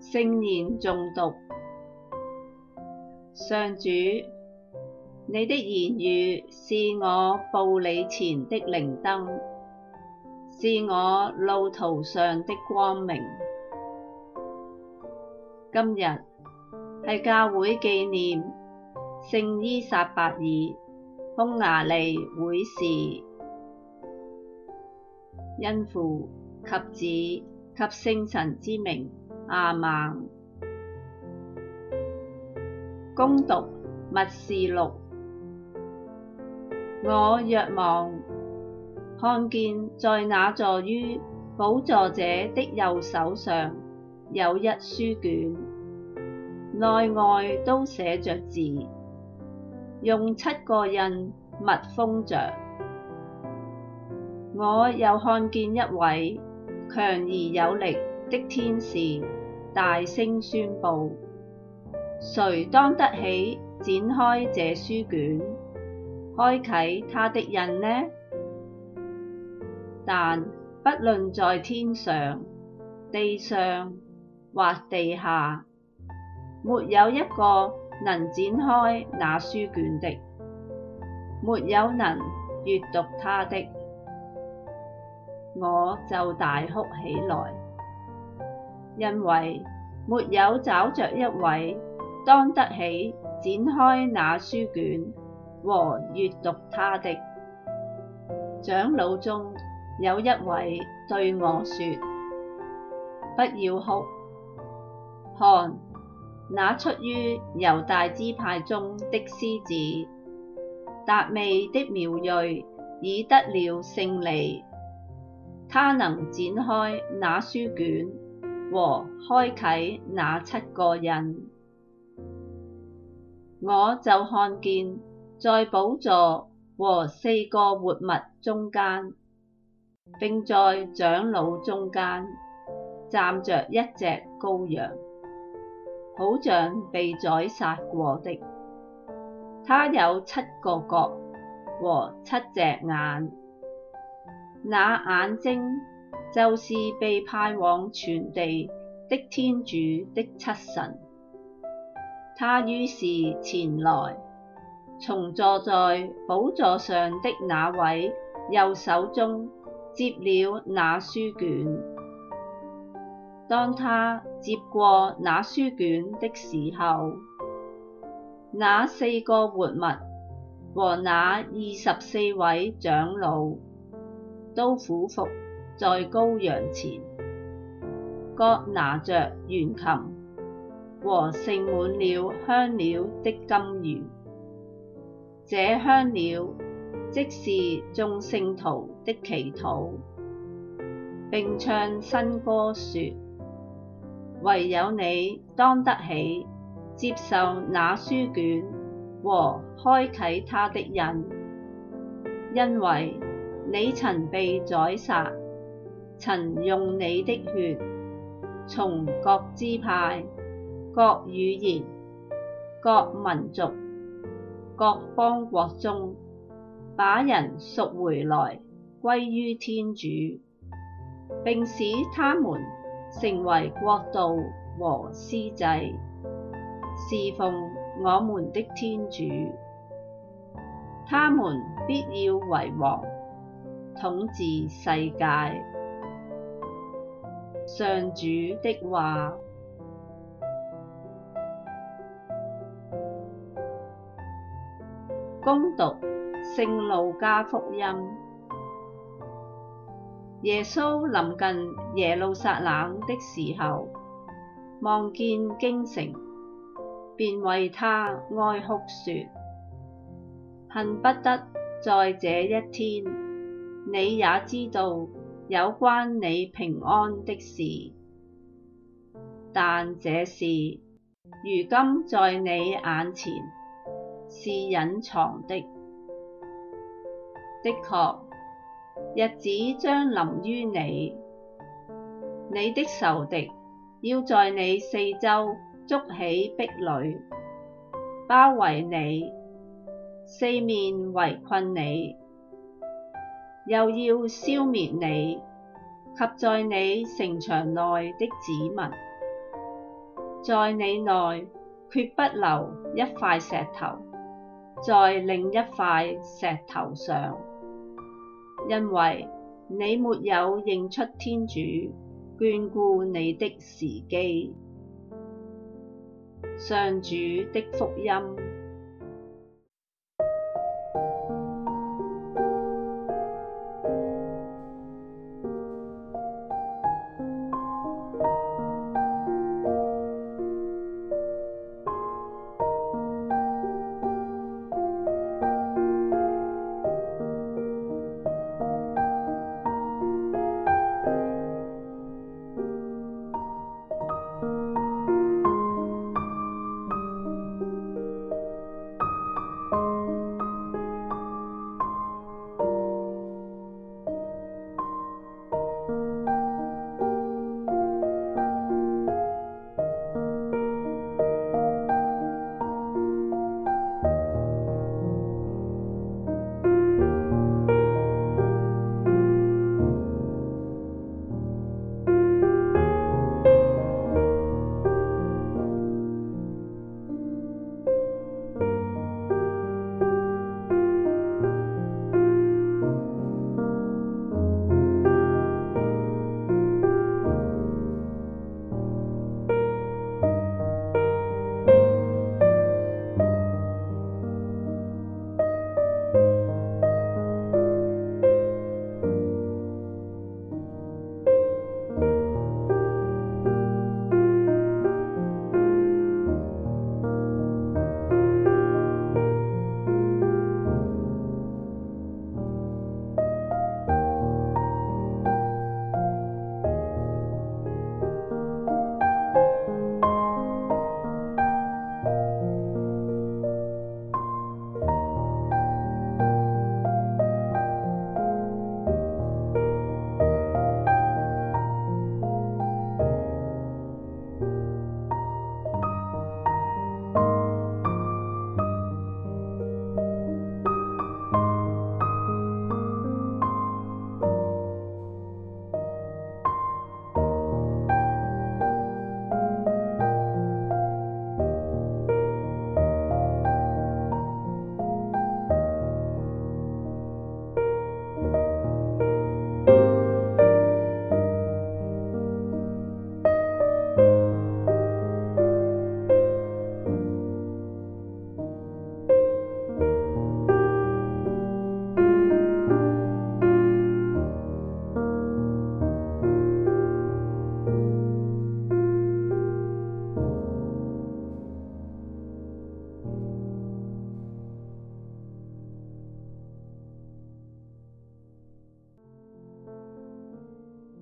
聖言重讀，上主，你的言語是我步履前的靈燈，是我路途上的光明。今日係教會紀念聖依撒伯爾、匈牙利會士。因父及子及聖神之名，亞孟。恭讀《默示錄》，我若望，看見在那坐於寶座者的右手上有一書卷。內外都寫着字，用七個印密封着。我又看見一位強而有力的天使，大聲宣布：誰當得起展開這書卷、開啟它的印呢？但不論在天上、地上或地下。沒有一個能展開那書卷的，沒有能閱讀他的，我就大哭起來，因為沒有找着一位當得起展開那書卷和閱讀他的。長老中有一位對我說：不要哭，看。那出於猶大支派中的獅子，達味的苗裔，已得了勝利。他能展開那書卷和開啟那七個印。我就看見在寶座和四個活物中間，並在長老中間，站着一隻羔羊。好像被宰殺過的，他有七個角和七隻眼，那眼睛就是被派往全地的天主的七神。他於是前來，從坐在寶座上的那位右手中接了那書卷。當他接過那書卷的時候，那四個活物和那二十四位長老都俯伏在羔羊前，各拿着弦琴和盛滿了香料的金盂。這香料即是眾聖徒的祈禱，並唱新歌說。唯有你當得起接受那書卷和開啟它的印，因為你曾被宰殺，曾用你的血從各支派、各語言、各民族、各邦國中，把人贖回來歸於天主，並使他們。成為國度和司祭，侍奉我們的天主，他們必要為王，統治世界。上主的話，恭讀《聖路加福音》。耶穌臨近耶路撒冷的時候，望見京城，便為她哀哭，說：恨不得在這一天，你也知道有關你平安的事，但這事如今在你眼前是隱藏的，的確。日子將臨於你，你的仇敵要在你四周築起壁壘，包圍你，四面圍困你，又要消滅你及在你城牆內的子民，在你內決不留一塊石頭，在另一塊石頭上。因為你沒有認出天主眷顧你的時機。上主的福音。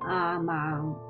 阿媽。